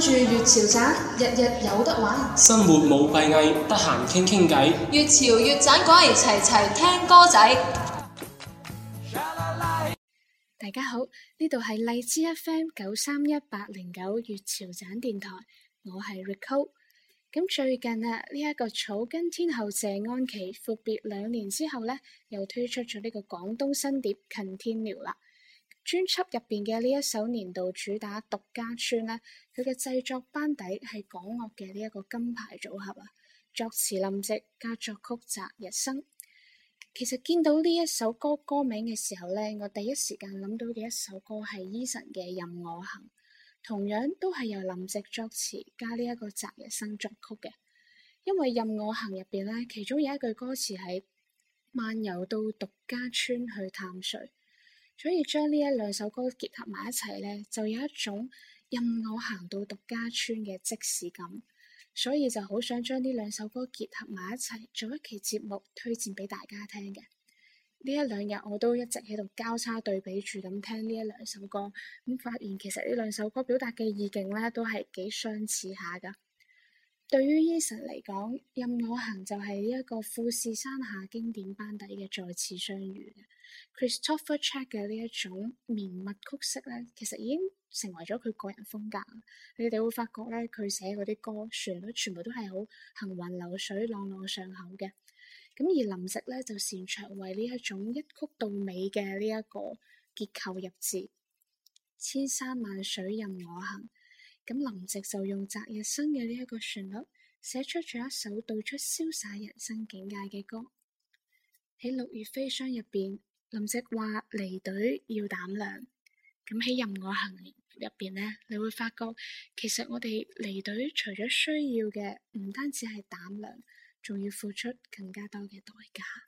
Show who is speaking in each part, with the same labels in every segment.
Speaker 1: 跟住月潮盞，日日有得玩。
Speaker 2: 生活冇閉翳，得閒傾傾偈。
Speaker 1: 月潮月盞，我哋齊齊聽歌仔。大家好，呢度係荔枝 FM 九三一八零九月潮盞電台，我係 Rico。咁最近啊，呢一個草根天后謝安琪闊別兩年之後呢，又推出咗呢個廣東新碟《Kontinue》啦。專輯入面嘅呢一首年度主打《獨家村》啊呢，佢嘅製作班底係港樂嘅呢一個金牌組合啊，作詞林夕加作曲澤日生。其實見到呢一首歌歌名嘅時候呢，我第一時間諗到嘅一首歌係 Eason 嘅《任我行》，同樣都係由林夕作詞加呢一個澤日生作曲嘅。因為《任我行》入邊呢，其中有一句歌詞係漫遊到獨家村去探誰。所以將呢一兩首歌結合埋一齊呢，就有一種任我行到獨家村嘅即視感，所以就好想將呢兩首歌結合埋一齊做一期節目推薦畀大家聽嘅。呢一兩日我都一直喺度交叉對比住咁聽呢一兩首歌，咁發現其實呢兩首歌表達嘅意境呢，都係幾相似下㗎。對於 Eason 嚟講，《任我行》就係一個富士山下經典班底嘅再次相遇。Christopher Check 嘅呢一種綿密曲式咧，其實已經成為咗佢個人風格。你哋會發覺咧，佢寫嗰啲歌旋律全部都係好行雲流水、朗朗上口嘅。咁而林夕咧就擅長為呢一種一曲到尾嘅呢一個結構入字，千山萬水任我行。咁林夕就用澤日生嘅呢一個旋律，寫出咗一首道出瀟灑人生境界嘅歌。喺《六月飛霜》入邊，林夕話離隊要膽量。咁喺《任我行》入邊咧，你會發覺其實我哋離隊除咗需要嘅，唔單止係膽量，仲要付出更加多嘅代價。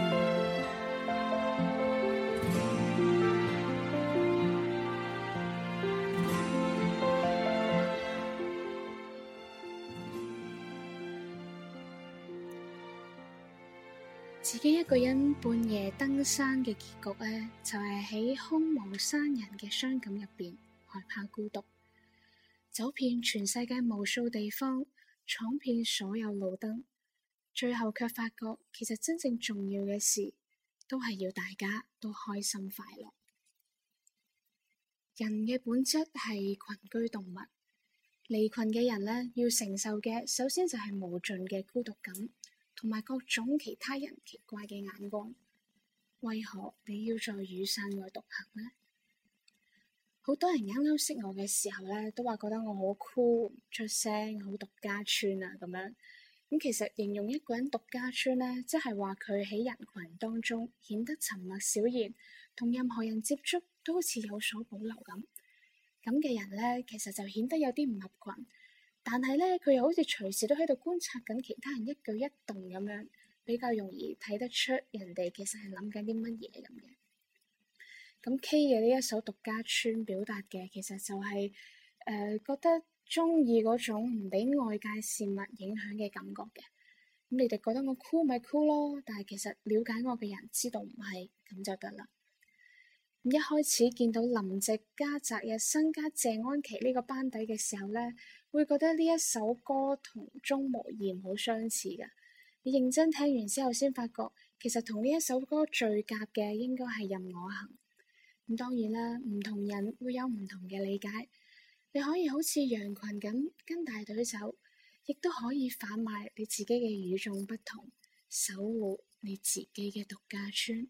Speaker 1: 自己一個人半夜登山嘅結局呢，就係喺空無山人嘅傷感入邊，害怕孤獨，走遍全世界無數地方，闖遍所有路燈，最後卻發覺其實真正重要嘅事，都係要大家都開心快樂。人嘅本質係群居動物，離群嘅人呢，要承受嘅，首先就係無盡嘅孤獨感。同埋各種其他人奇怪嘅眼光，為何你要在雨傘外獨行呢？好多人啱啱識我嘅時候咧，都話覺得我好酷、出聲、好獨家村啊咁樣。咁其實形容一個人獨家村咧，即係話佢喺人群當中顯得沉默少言，同任何人接觸都好似有所保留咁。咁嘅人咧，其實就顯得有啲唔合群。但係咧，佢又好似隨時都喺度觀察緊其他人一舉一動咁樣，比較容易睇得出人哋其實係諗緊啲乜嘢咁嘅。咁 K 嘅呢一首獨家村表達嘅，其實就係、是、誒、呃、覺得中意嗰種唔俾外界事物影響嘅感覺嘅。咁你哋覺得我酷咪酷 o 咯，但係其實了解我嘅人知道唔係咁就得啦。咁一開始見到林夕加澤日生加謝安琪呢個班底嘅時候咧。會覺得呢一首歌同鍾無艷好相似噶。你認真聽完之後，先發覺其實同呢一首歌最夾嘅應該係任我行。咁、嗯、當然啦，唔同人會有唔同嘅理解。你可以好似羊群咁跟大隊走，亦都可以販賣你自己嘅與眾不同，守護你自己嘅獨家村。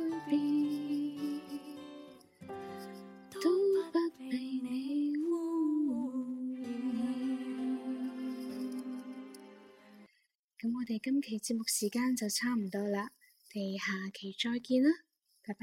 Speaker 1: 期節目時間就差唔多啦，我哋下期再見啦，拜拜。